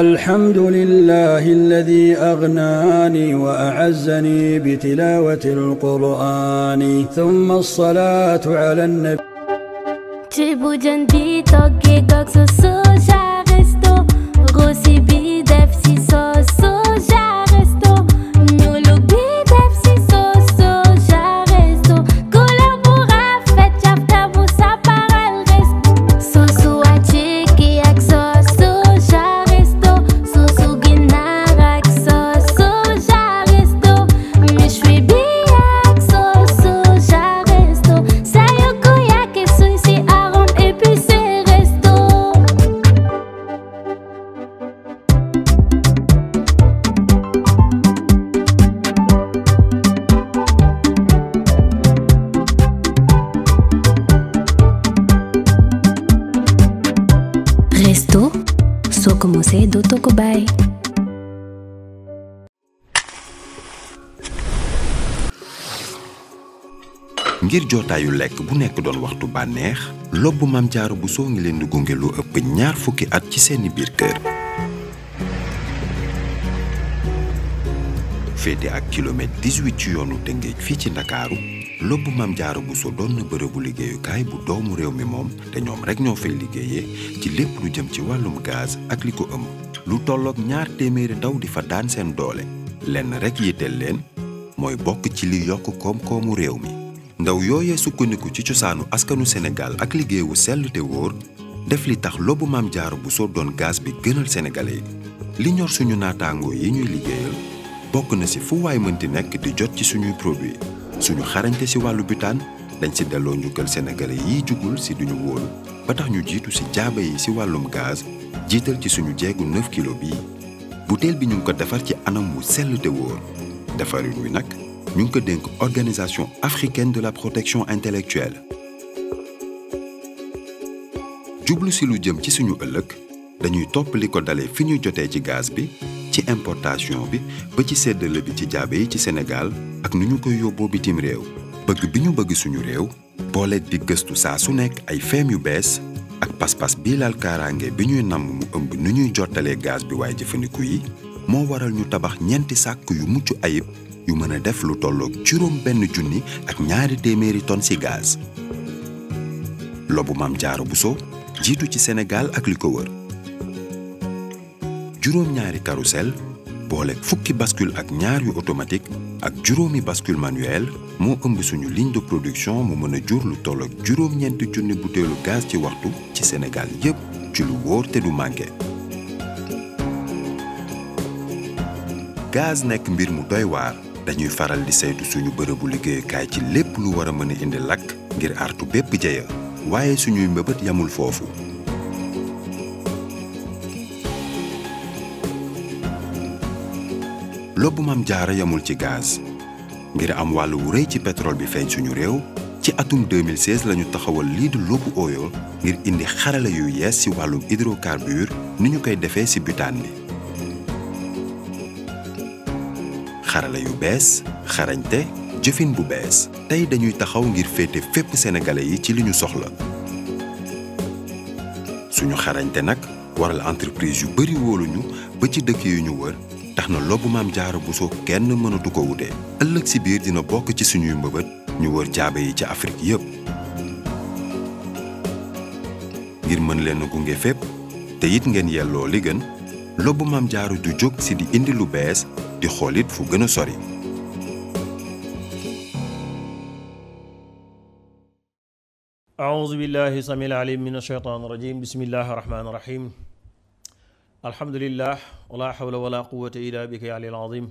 الحمد لله الذي أغناني وأعزني بتلاوة القرآن ثم الصلاة على النبي ngir jotaayu lekk bu nekk doon waxtu bànneex lobbu Mame bu Bousso ngi leen di gunge lu ëpp ñaar fukki at ci seeni biir kër. féete ak kilomètre 18 ci yoonu Tëngéej fii ci Ndakaaru lobbu Mame Diarra Bousso doon na bërëbu liggéeyukaay bu doomu réew mi moom te ñoom rekk ñoo fay liggéeyee ci lépp lu jëm ci wàllum gaz ak li ko ëmb. lu tollook ñaar téeméeri taw di fa daan seen doole lenn rekk yitteel leen mooy bokk ci li yokk koom-koomu réew mi ndaw yooyee sukkandiku ci cosaanu askanu Sénégal ak liggéeyu sell te wóor def li tax lobu maam jaaru bu soo doon gaas bi gënal sénégalais yi li ñor suñu naataangoo yi ñuy liggéeyal bokk na si fu waay mënti nekk di jot ci suñuy produit suñu xarañte si wàllu butaan dañ si delloo njukkal sénégalais yiy jubul si duñu wóolu ba tax ñu jiitu si jaaba yi si wàllum gaz jiital ci suñu jeegu 9 kilo bii butéel bi ñu ngi ko defar ci anam wu sell te wóor defarin wi nag ñu ngi ko dénk organisation africaine de la protection intellectuelle jublu si lu jëm ci suñu ëllëg dañuy topp li ko dalee fi ñu jotee ci gaz bi ci importation bi ba ci séddale bi ci jaabe yi ci Sénégal ak nu ñu koy yóbboo bitim réew bëgg bi ñu bëgg suñu réew boole di gëstu saa su nekk ay feem yu bees ak pas-pas bii laal kaaraange bi ñuy namm mu ëmb nu ñuy jottalee gaz bi waaye jëfandiku yi moo waral ñu tabax ñeenti sàkk yu mucc ayib yu mën a def lu tollook juróom benn junni ak ñaari téeméeri tonnes ci gaz. lobu maam bu buso jiitu ci Sénégal ak li ko wër juróom ñaari carrousel boole fukki bascule ak ñaar yu automatique. ak juróomi bascule manuel moo ëmb suñu ligne de production mu mën a jur lu toll ak juróom-ñeenti junni butéelu gaz ci waxtu ci senegal yépp ci lu wóor te du manqué. gaz nekk mbir mu doy waar dañuy faral di saytu suñu bërëbu liggéeyukaay ci lépp lu war a mën a indi lakk ngir artu bépp jeya waaye suñuy mbëbët yamul foofu. lobbu maam jaara yamul ci gaz ngir am wàll wu rëy ci pétrole bi feeñ suñu réew ci atum 2016 lañu taxawal lii di lobbu oil ngir indi xarala yu yees ci wàllum hydrocarbure ni ñu koy defee si butaan bi xarala yu bees xarañte jëfin bu bees tey dañuy taxaw ngir féete fépp sénégalais yi ci li ñu soxla suñu xarañte nag waral entreprise yu bari wóoluñu ba ci dëkk yu ñu wër tax na loobu maam jaara buso kenn mënatu ko wute ëllëg si biir dina bokk ci suñuy mbëbët ñu wër jaabe yi ci Afrique yépp ngir mën leen gunge fépp te ngeen yelloo li gën loobu maam jaara du jóg si di indi lu bees di xoolit fu gën a sori أعوذ بالله السميع العليم من alhamdulillah wala hawla wala quwata illa bika ya alil azim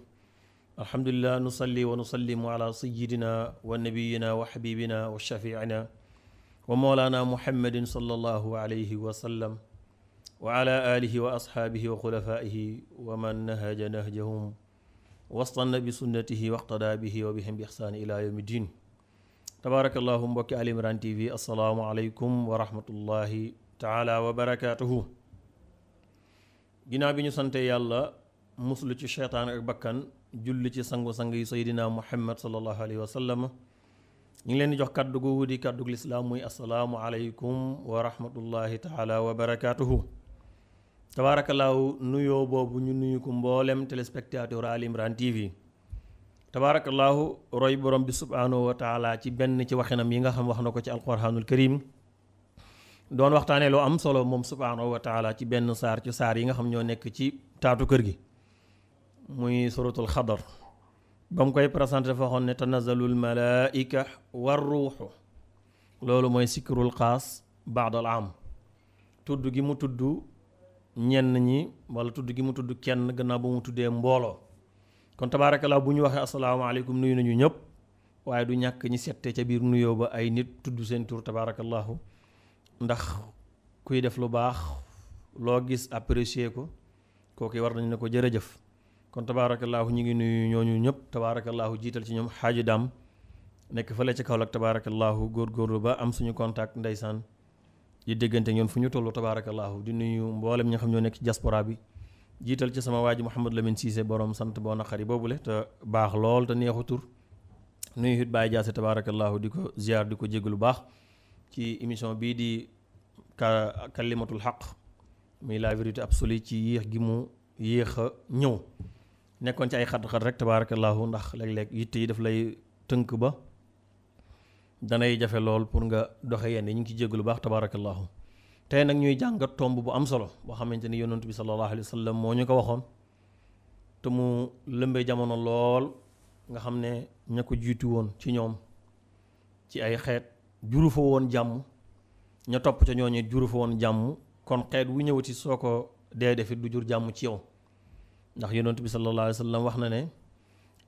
alhamdulillah nusalli wa nusallimu ala sayidina wa nabiyina wa xabibina wa shafiina wa moolana muhammadin sallallahu alayhi wa sallam wa ala alihi wa ashaabihi wa xulafaihi wa man nahaja nahjahum wastanna bi sunnatihi waqtada bihi wa bihim bi ixsaani ila yawmi din tabaarakallahu mbokki Ali Imran TV assalaamu aleykum wa rahmatullahi taala wa barakatuhu ginnaaw bi ñu sante yàlla muslu ci cheytaan ak bakkan julli ci sangu-sang yi saydina muhammad sallallahu alayhi wa sallam ñu ngi leen di jox kàddu gu wudi kàddu lislaam muy asalaamu aleykum wa rahmatullahi taala wa barakaatuhu tabaarakallaahu nuyoo boobu ñu nuyu ko mboolem téléspectateur Ali Imran TV tabaarakallaahu roy borom bi subhaanahu wa taala ci benn ci waxinam yi nga xam wax na ko ci alquranul karim doon waxtaanee lu am solo moom subhaanahu wa taala ci benn saar ci saar yi nga xam ñoo nekk ci taatu kër gi muy suratul xadar ba mu koy présenté dafa waxoon ne tanazalul malaika war ruuxu loolu mooy sikkirul xaas baadal am tudd gi mu tudd ñenn ñi walla tudd gi mu tudd kenn gannaaw ba mu tuddee mbooloo kon tabaarakallaa bu ñu waxee asalaamaaleykum nuyu nañu ñëpp waaye du ñàkk ñi sette ca biir nuyoo ba ay nit tudd seen tur tabaarakallaahu ndax kuy def lu baax loo gis apprécier ko kooku war nañu ne ko jërëjëf kon tabaarakallaahu ñu ngi nuyu ñooñu ñëpp tabaarakallaahu jiital ci ñoom xaaji daam nekk fële ca Kaolack góor góorgóorlu ba am suñu contact ndeysaan di déggante ñoon fu ñu toll tabaarakallaahu di nuyu mboolem ñi xam ñoo nekk ci diaspora bi jiital ci sama waa ji Mouhamed Lamine Cissé borom sant boo boobu boobule te baax lool te neexu tur nuyu it Baye Diassé tabaarakallaahu di ko ziar di ko jégg lu baax. ci émission bii di ka kalimatul xaq muy la vérité absolue ci yéex gi mu yéex a ñëw nekkoon ci ay xat-xat rek tabaarakallaahu ndax léeg lekk yitte yi daf lay tënk ba danay jafe lool pour nga doxe yenn yi ñu ngi ci jégg lu baax tabaarakallaahu tey nag ñuy jàngat tomb bu am solo boo xamante ni yonent bi sallallahu alayhi wa moo ñu ko waxoon te mu lëmbee jamono lool nga xam ne ña ko jiitu woon ci ñoom ci ay xeet juru fa woon jàmm ña topp ca ñooñu juru woon jàmm kon xeet wu ñëwati soo ko dee defit du jur jàmm ci yow ndax yonent bi sallallahu alayhi wax na ne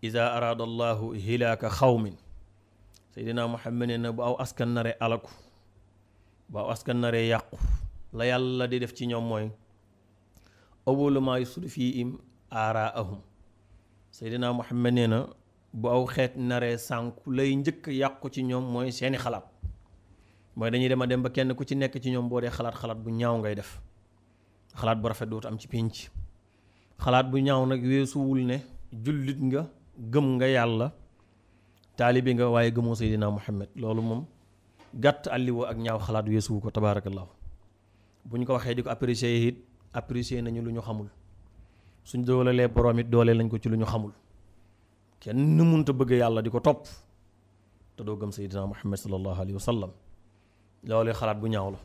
ida araada allahu hilaaka xawmin seydina muhammad ne na askan nare alaku bu nare yàqu la yàlla di def ci ñoom mooy awalu maa yusulu fiihim ne na bu aw xeet nare sànku lay njëkk yàqu ci ñoom mooy seeni xalaat mooy dañuy dem a dem ba kenn ku ci nekk ci ñoom boo dee xalaat xalaat bu ñaaw ngay def xalaat bu rafet dootu am ci pénc xalaat bu ñaaw nag weesuwul ne jullit nga gëm nga yàlla taalibi nga waaye gëmoo Seydina Muhammad loolu moom gàtt àlliwoo ak ñaaw xalaat weesuwu ko tabaarakallaahu bu ñu ko waxee di ko apprécier it apprécier nañu lu ñu xamul suñ doolelee borom it dooleel nañ ko ci lu ñu xamul kenn mënut a bëgg yàlla di ko topp te doo gëm Seydina Muhammad sallallahu alayhi wa sallam loolu xalaat bu ñaaw la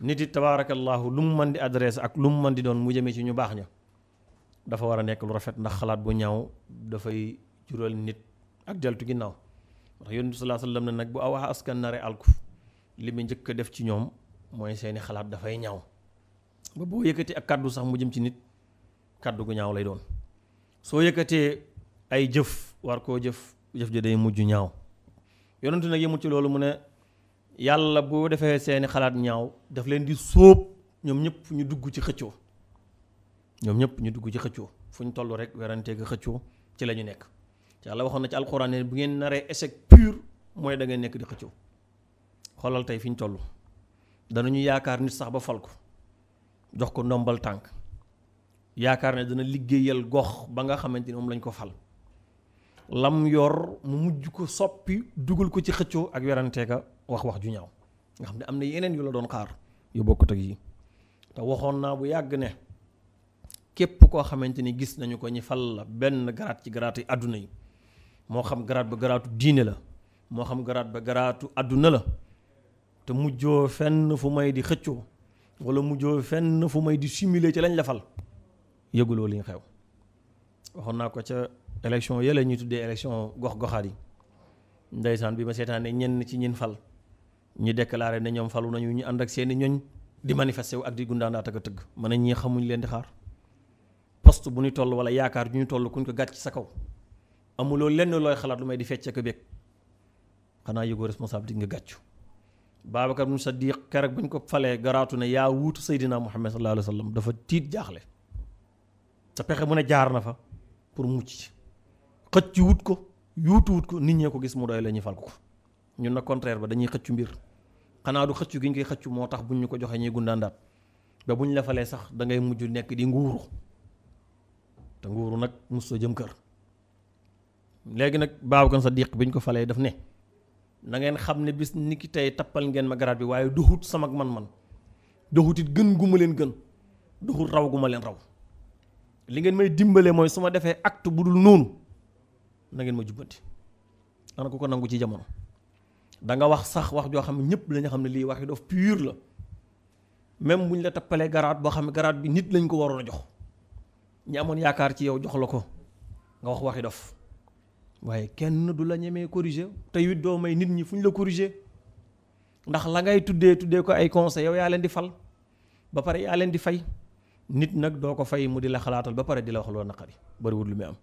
nit it tabaarakallaahu lu mu mën di adresse ak lu mu mën di doon mu jëmee ci ñu baax ña dafa war a nekk lu rafet ndax xalaat bu ñaaw dafay jural nit ak deltu ginnaaw ndax yonent bi sallallaahu nag bu aw askan nare alku li mu njëkk a def ci ñoom mooy seeni xalaat dafay ñaaw ba boo yëkkatee ak kàddu sax mu jëm ci nit kàddu gu ñaaw lay doon soo yëkkatee ay jëf war koo jëf jëf ja day mujj ñaaw ci loolu mu ne yàlla boo defee seeni xalaat ñaaw daf leen di soob ñoom ñëpp ñu dugg ci xëccoo ñoom ñëpp ñu dugg ci xëccoo fu ñu toll rek werantee ga xëccoo ci la ñu nekk yàlla waxoon na ci alxuraan ne bu ngeen naree échec pur mooy dangay nekk di xëccoo xoolal tey fi ñu toll danañu yaakaar nit sax ba fal ko jox ko ndombal tànk yaakaar ne dana liggéeyal gox ba nga xamante ni moom lañ ko fal lam yor mu mujj ko soppi dugal ko ci xëccoo ak weranteeka wax wax ju ñaaw nga xam ne am na yeneen yu la doon xaar yu bokkut ak yi te waxoon naa bu yàgg ne képp koo xamante ni gis nañu ko ñi fal la benn garaat ci garaat àdduna yi moo xam garaat ba garaatu diine la moo xam garaat ba garaatu àdduna la te mujjoo fenn fu may di xëccoo wala mujjoo fenn fu may di simuler ci lañ la fal yëguloo liñ xew waxoon naa ko ca élection yële ñuy tuddee élection gox-goxaat yi ndeysaan bi ma seetaanee ñenn ci ñin fal ñu déclaré ne ñoom falu nañu ñu ànd ak seeni ñoñ di manifesté wu ak di gundaandaat ak a tëgg mën a ñi xamuñ leen di xaar poste bu ñu toll wala yaakaar ju ñu toll kuñ ko gàcc sa kaw amuloo lenn looy xalaat lu may di fecc ak a bég xanaa yëgoo di nga gàccu Babacar mu Sadiq keroog bu ñu ko falee garaatu ne yaa wuutu Seydina Muhammad sallallahu alayhi wa sallam dafa tiit jaaxle sa pexe mu ne jaar na fa pour mucc xëcc wut ko yuutu wut ko ñee ko gis mu doy la ñu fal ko ñun na contraire ba dañuy xëccu mbir xanaa du xëccu gi ñu koy xëccu moo tax buñ ñu ko joxee ñuy gundaandaat ba buñ la falee sax dangay ngay mujj nekk di nguuru te nguuru nag mosut jëm kër. léegi nag Babacar Sadiq biñ ko falee daf ne na ngeen xam ne bis ni ki tey tappal ngeen ma garaat bi waaye duxut sama man-man duxut it gën gu leen gën duxut raw leen raw li ngeen may dimbalee mooy su ma defee acte bu dul noonu na ngeen ma jubbanti ana ko ko nangu ci jamono. da nga wax sax wax joo xam ne ñëpp la xam ne lii waxi dof pur la même bu ñu la tappalee garaat boo xam ne garaat bi nit lañ ko waroon a jox ñi amoon yaakaar ci yow jox la ko nga wax waxi dof waaye kenn du la ñemee corriger te it doo may nit ñi fu ñu la corriger ndax la ngay tuddee tuddee ko ay conseil yow yaa leen di fal ba pare yaa leen di fay nit nag doo ko fay mu di la xalaatal ba pare di la wax loo naqari bëriwul lu muy am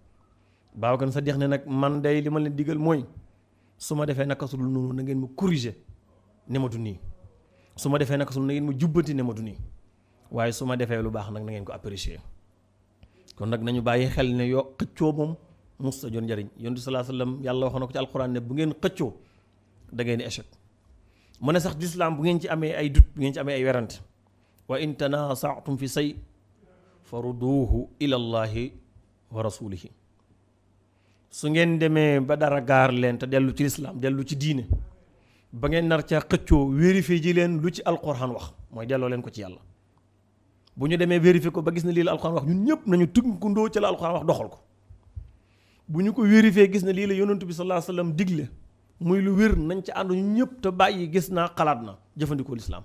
baaw kan sa dex ne nag man day li ma leen digal mooy. su ma defee naka sul noonu na ngeen ma corriger ne ma du nii su ma defee naka sul na ngeen ma jubbanti ne ma du nii waaye su ma defee lu baax nag na ngeen ko apprécier kon nag nañu bàyyi xel ne yo xëccoo moom musta joon njariñ yontu salaa sallam yàlla wax na ko ci alxuraan ne bu ngeen xëccoo da ngeen di échec mu ne sax lislaam bu ngeen ci amee ay dut bu ngeen ci amee ay werante wa in tanaasatum fi say fa ruduuhu ila allahi wa rasulihi su ngeen demee ba dara gaar leen te dellu ci lislaam dellu ci diine ba ngeen nar ca xëccoo vérifié ji leen lu ci alquran wax mooy delloo leen ko ci yàlla bu ñu demee vérifié ko ba gis na lii la alquran wax ñun ñëpp nañu tunkundoo ci la alquran wax doxal ko bu ñu ko vérifié gis na lii la yonantu bi sallallahu alayhi wasallam digle muy lu wér nañ ci ànd ñun ñëpp te bàyyi gis naa xalaat na jëfandikoo lislaam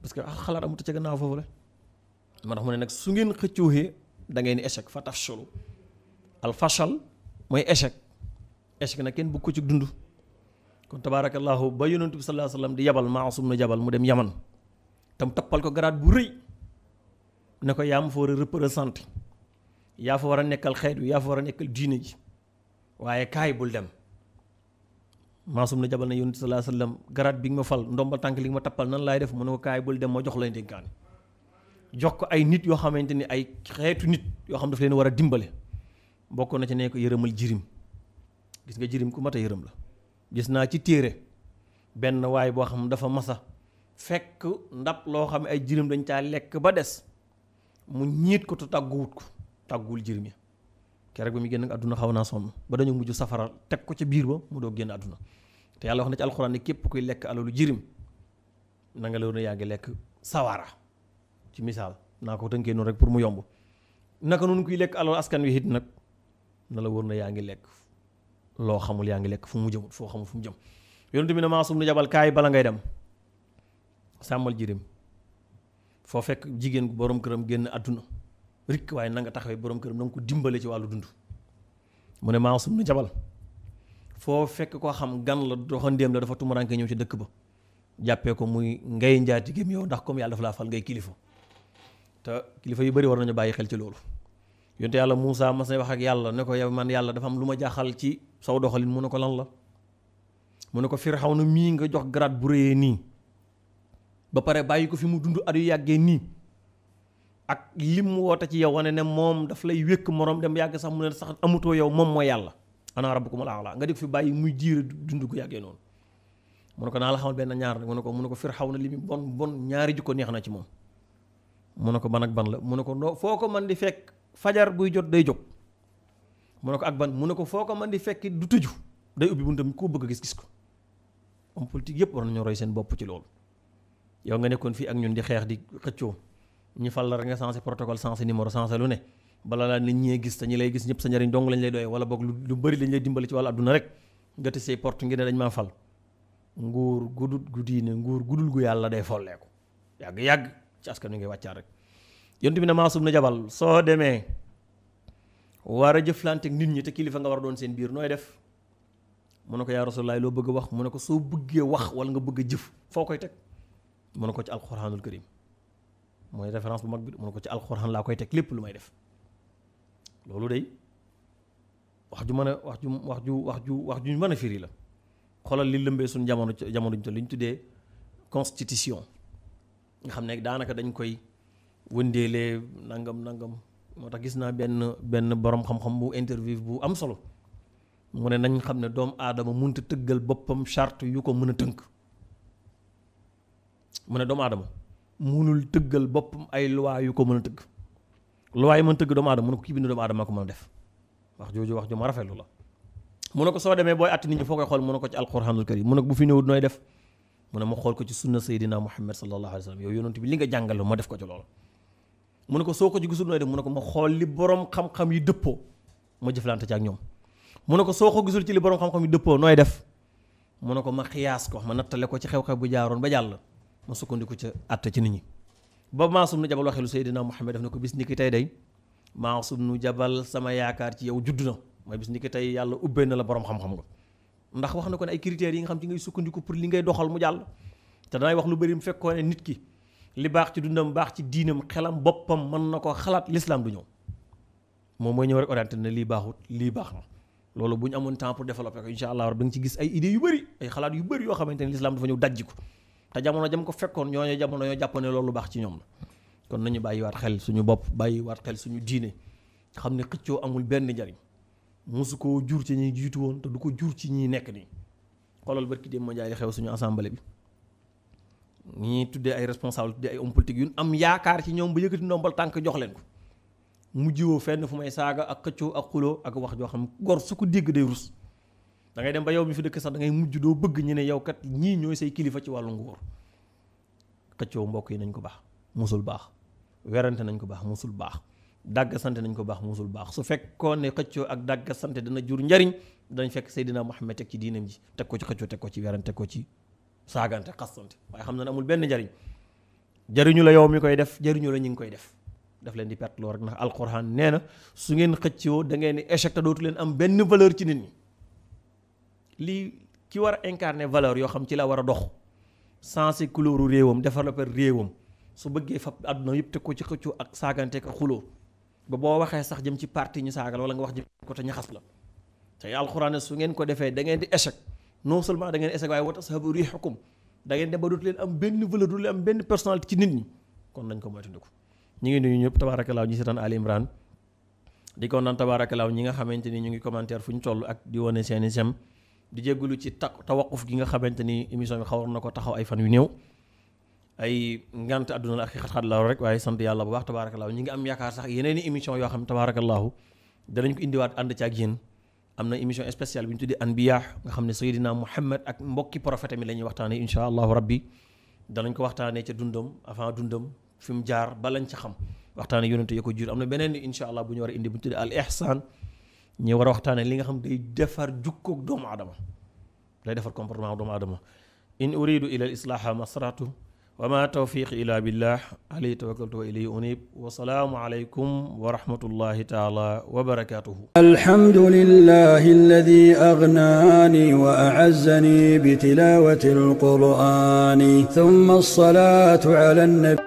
parce que ah xalaat amut ca gannaaw foofu la moo tax mu ne nag su ngeen xëccoohee da ngeen échec fa tafshalu alfashal mooy échec échec na kenn bugg ko ci dund kon tabaarakallahu ba yonentu bi sallallahu alayhi wasallam di yabal Maasum na jabal mu dem yaman tam tappal ko garaat bu rëy ne ko yaa ma fa war a yaa fa war a nekkal xeet wi a nekkal diine ji waaye kaay bul dem Maasum na jabal ne yonentu sallallahu alayhi wasallam garaat bi nga ma fal ndombal tànk li nga ma tappal nan laay def mu ne ko kaay bul dem ma jox la dénkaane jox ko ay nit yoo xamante ni ay xeetu nit yoo xam daf leen war a dimbale bokk na ci ne ko yërëmal jirim gis nga jirim ku mat a yërëm la gis naa ci téere benn waay boo xam dafa masa fekk ndab loo xam ne ay jirim dañ caa lekk ba des mu ñiit ko te tàgguwut ko tàgguwul jirim ya keroog bi mu génn àdduna xaw naa sonn ba dañu mujj safara teg ko ca biir ba mu doo génn àdduna te yàlla wax na ci alxuraan ne képp kuy lekk alalu jirim na nga loolu yaa ngi lekk sawara ci misaal naa ko tënkee noonu rek pour mu yomb naka noonu kuy lekk na la wóor na yaa ngi lekk loo xamul yaa ngi lekk fu mu jëmut foo xamul fu mu jëm yonent bi ne Maasum nu jabal bala ngay dem sàmmal foo fekk jigéen borom këram génn àdduna waaye na nga taxawee borom këram na nga ko dimbale ci dund mu ne Maasum nu jabal foo fekk koo xam gan la doxandéem la dafa tumuranke ñëw ci dëkk ba jàppee ko muy ngay njaatigéem yow ndax comme yàlla dafa laa fal ngay kilifa te kilifa yu bari war nañu bàyyi xel ci loolu yonte yàlla Moussa mas na wax ak yàlla ne ko yow man yàlla dafa am lu ma jaaxal ci saw doxalin mu ne ko lan la mu ne ko Firawna mii nga jox grade bu réyee nii ba pare bàyyi ko fi mu dund at yu yàggee nii ak lim mu woote ci yow wane ne moom daf lay wékk morom dem yàgg sax mu sax amutoo yow moom mooy yàlla ana rabbukumul a'la nga def fi muy jiire dund gu yàggee noonu mu ko naa la xamal benn ñaar mu ne ko mu ne ko Firawna li mu bon bon ñaari jikko neex na ci moom mu ne ko ban ak ban la mu ne ko foo ko man di fekk fajar buy jot day jóg mu ne ko ak ban mu ne ko foo ko mën di fekk du tëju day ubbi buntam koo bëgg a gis-gis ko homme politique yëpp war nañu roy seen bopp ci loolu. yow nga nekkoon fii ak ñun di xeex di xëccoo ñu fal la rek nga sensé protocole sensé numéro sensé lu ne bala laa nit ñee gis te ñi lay gis ñëpp sa njariñ dong lañ lay doyee wala boog lu bëri lañ lay dimbali ci wàllu adduna rek nga tëj say porte ngir ne dañ maa fal nguur gudut gu diine nguur gudul gu yàlla day folleeku yàgg-yàgg ci askan wi ngay wàccaat yontu bi ne maasum na jabal soo demee war a jëflante nit ñi te kilifa nga war a doon seen biir nooy def mu ne ko yaa rasulallaah loo bëgg wax mu ne ko soo bëggee wax wala nga bëgg a jëf foo koy teg mu ne ko ci alquranul karim mooy référence bu mag bi mu ne ko ci alquran laa koy teg lépp lu may def loolu day wax ju mën a wax ju wax ju wax ju wax ju mën a firi la xoolal li lëmbee suñu jamono jamono ju te li ñu tuddee constitution nga xam ne daanaka dañ koy wëndeelee nangam nangam moo tax gis naa benn benn borom xam-xam bu interview bu am solo mu ne nañ xam ne doomu aadama mënut a tëggal boppam charte yu ko mën a tënk mu ne doomu aadama munul tëggal boppam yu mën a tëgg loi yi mën tëgg doomu aadama mu ne ko kii bind doomu aadama ko mën a def wax jooju wax ju ma rafetlu la. mu ne ko soo demee booy àtt nit ñi foo koy xool mu ne ko ci alxuraanul karim mu ne ko bu fi ñëwut nooy def mu ne ma xool ko ci sunna sayyidina Muhammad sallallahu alayhi wa sallam bi li nga jàngal ma def ko ci loolu. mu ne ko soo ko ci gisul nooy def mu ne ko ma xool li borom xam-xam yi dëppoo ma jëflante ci ak ñoom mu ne ko soo ko gisul ci li borom xam-xam yi dëppoo nooy def mu ne ko ma xiyaas ko ma nattale ko ci xew-xew bu jaaroon ba jàll ma sukkandiku ca àtte ci nit ñi ba Maasum nu Jabal waxee lu Seydina Muhammad def na ko bis ni ki tey day Maasum nu Jabal sama yaakaar ci yow judd na mooy bis ni ki tey yàlla ubbee na la borom xam-xam nga ndax wax na ko ne ay critères yi nga xam ci ngay sukkandiku pour li ngay doxal mu jàll te danay wax lu bëri mu fekkoon nit ki li baax ci dundam baax ci diinam xelam boppam mën na ko xalaat l'islam du ñëw moom mooy ñëw rek orienté na lii baaxut lii baax na loolu bu ñu amoon temps pour développer ko incha allah da nga ci gis ay idées yu bëri ay xalaat yu bëri yoo xamante ne l'islam dafa ñëw dajji ko te jamono jam ko fekkoon ñoo ñooñu jamono ñoo jàpp ne loolu baax ci ñoom na kon nañu waat xel suñu bopp bàyyi bàyyiwaat xel suñu diine xam ne xëccoo amul benn njariñ mosu koo jur ci ñi jiitu woon te du ko jur ci ñi nekk nii xoolal barki dem ma jaay li xew suñu assemblée bi ni ñuy tuddee ay responsable tuddee ay homme politique yu am yaakaar ci ñoom ba yëkkati ndombal tànk jox leen ko mujj mujjoo fenn fu may saaga ak xëccoo ak xuloo ak wax joo xam gor su ko dégg day rus da dem ba yow mi fi dëkk sax da ngay mujj doo bëgg ñu ne yow kat ñii ñooy say kilifa ci wàllu nguur xëccoo mbokk yi nañ ko baax musul baax werante nañ ko baax mosul baax dàgg sante nañ ko baax musul baax su fekkoon ne xëccoo ak dàgg sante dana jur njariñ dañ fekk Seydina Muhammad teg ci diinam ji teg ko ci xëccoo ko ci werante ko ci saagante xastante waaye xam na ne amul benn njariñ jariñu la yow mi koy def jariñu la ñu ngi koy def daf leen di perte rek ndax alquran nee na su ngeen xëccoo da ngeen di échec dootu leen am benn valeur ci nit lii ki war a incarner valeur yoo xam ci la war a dox sensé couleuru réewam développer réewam su bëggee fab àdduna yëpp te ko ci xëccoo ak saagante ak xuloo ba boo waxee sax jëm ci parti ñu saagal wala nga wax jëm ko te ñaxas la te alquran su ngeen ko defee da ngeen di échec non seulement da ngeen eseg waaye wata sahabu riixakum da ngeen dem ba dootu leen am benn valeur dootu leen am benn personnalité ci nit ñi kon nañ ko moytandiku ñu ngi nuyu ñëpp tabaarakallaaw ñi seetaan Ali Imran di ko naan tabaarakallaaw ñi nga xamante ni ñu ngi commentaire fu ñu toll ak di wone seeni sem di jégalu ci ta tawaquf gi nga xamante ni émission bi xawoon na ko taxaw ay fan yu néew ay ngant àdduna la ak xat-xat la rek waaye sant yàlla bu baax tabaarakallaaw ñi ngi am yaakaar sax yeneen i émission yoo xam tabaarakallaahu danañ ko indiwaat ànd ci ak yéen am na émission spéciale bi ñu tuddee anbiya nga xam ne Seydina Muhammad ak mbokki prophète mi la ñuy waxtaanee incha allahu rabbi danañ ko waxtaanee ca dundam avant dundam fi mu jaar ba lañ ca xam waxtaanee yonente ya ko jur am na beneen incha allah bu ñu war a indi bu ñu tuddee al ihsan ñu war a waxtaanee li nga xam day defar jukkoog doomu adama day defar comportement doomu aadama in uridu ila al islaha masratu wa ma tawfiq ila billah alayhi tawakkaltu wa ilayhi unib wa salaamu alaykum wa rahmatullahi taala wa barakatuhu alhamdulillahi alladi aghnani wa a'azzani bi tilawati alqur'ani thumma as-salatu ala an-nabi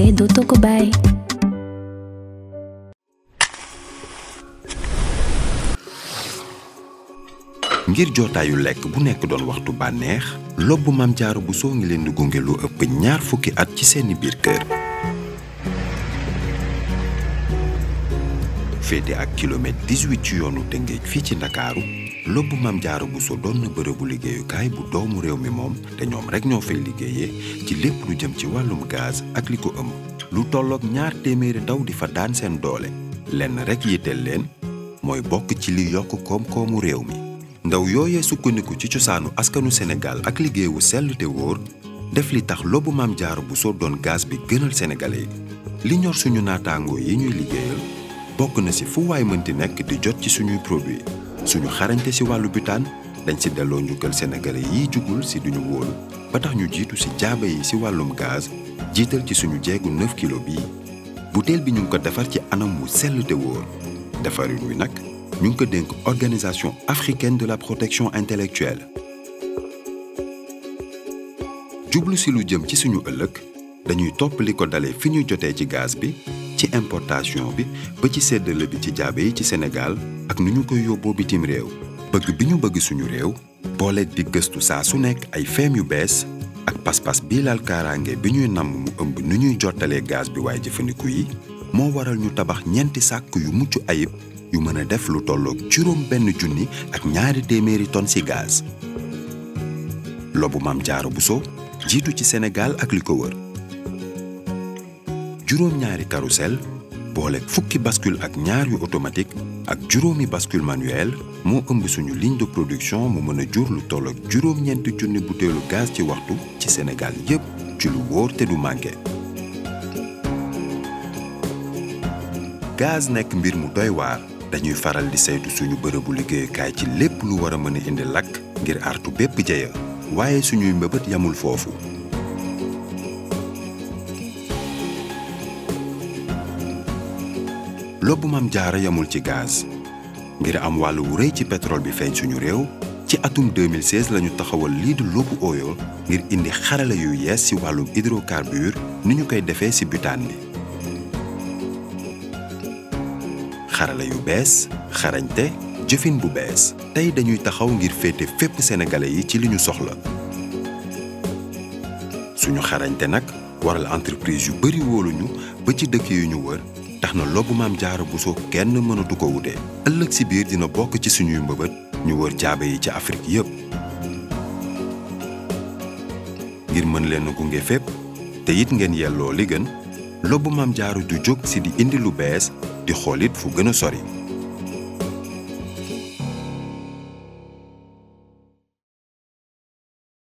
você do ngir jotaayu lekk bu nekk doon waxtu bànneex lobbu mam bu soo ngi leen di gunge lu ëpp ñaar fukki at ci seeni biir kër. féete ak kilomètre 18 ci yoonu Tëngéej fii ci Ndakaaru lobbu maam jaaro buso doon na bërëbu liggéeyukaay bu doomu réew mi moom te ñoom rek ñoo fay liggéeyee ci lépp lu jëm ci wàllum gaz ak li ko ëmb lu tollook ñaar téeméeri taw di fa daan seen doole lenn rek yitteel leen mooy bokk ci li yokk koom-koomu réew mi ndaw yooyee sukkandiku ci cosaanu askanu senegal ak liggéeyu sell te wóor def li tax lobbu maam jaaro buso doon gaas bi gënal sénégalais li ñor suñu naataangoo yi ñuy liggéeyal bokk na si fu waay mënti nekk di jot ci suñuy produit suñu xarañte si wàllu butaan dañ si delloo njukkal sénégalais yiy jugul si duñu wóolu ba tax ñu jiitu si jaaba yi si wàllum gaz jiital ci suñu jeegu 9 kilo bii butéel bi ñu ngi ko defar ci anam wu sell te wóor defarin wi nag ñu ngi ko dénk organisation africaine de la protection intellectuelle jublu si lu jëm ci suñu ëllëg dañuy topp li ko dalee fi ñu jotee ci gaz bi ci importation bi ba ci séddale bi ci jaabe yi ci senegaal ak nu ñu koy yóbboo bitim réew bëgg bi ñu bëgg suñu réew boole di gëstu saa su nekk ay feem yu bees ak pas bii laal kaaraange bi ñuy namm mu ëmb nu ñuy jottalee gaz bi waaye jëfandiku yi moo waral ñu tabax ñeenti sàkk yu mucc ayib yu mën a def lu tolloog juróom benn junni ak ñaari téeméeri tonnes ci gaz lobu jaaro bu Buso jiitu ci Sénégal ak li ko wër juróom-ñaari carrousel boole fukki baskul ak ñaar yu automatique ak juróomi baskul manuel moo ëmb suñu ligne de production mu mën a jur lu toll ak juróom-ñeenti junni butéelu gaz ci waxtu ci senegal yépp ci lu wóor te du manqué. gaz nekk mbir mu doy waar dañuy faral di saytu suñu bërëbu liggéeyukaay ci lépp lu war a mën a indi lakk ngir artu bépp jeya waaye suñuy mbëbët yamul foofu. lobbu maam jaara yamul ci gaz ngir am wàll wu rëy ci pétrole bi feeñ suñu réew ci atum 2016 lañu taxawal lii di lobbu oyo ngir indi xarala yu yees ci wàllum hydrocarbure ni ñu koy defee ci butaan bi xarala yu bees xarañte jëfin bu bees tey dañuy taxaw ngir féete fépp sénégalais yi ci li ñu soxla suñu xarañte nag waral entreprise yu bari wóoluñu ba ci dëkk yu ñu wër tax na logu maam jaara soo kenn mënatu ko wute ëllëg si biir dina bokk ci suñuy mbëbët ñu wër jaabe yi ci Afrique yépp ngir mën leen gunge fépp te it ngeen yelloo li gën lobu maam jaaro ju jóg si di indi lu bees di xoolit fu gën a sori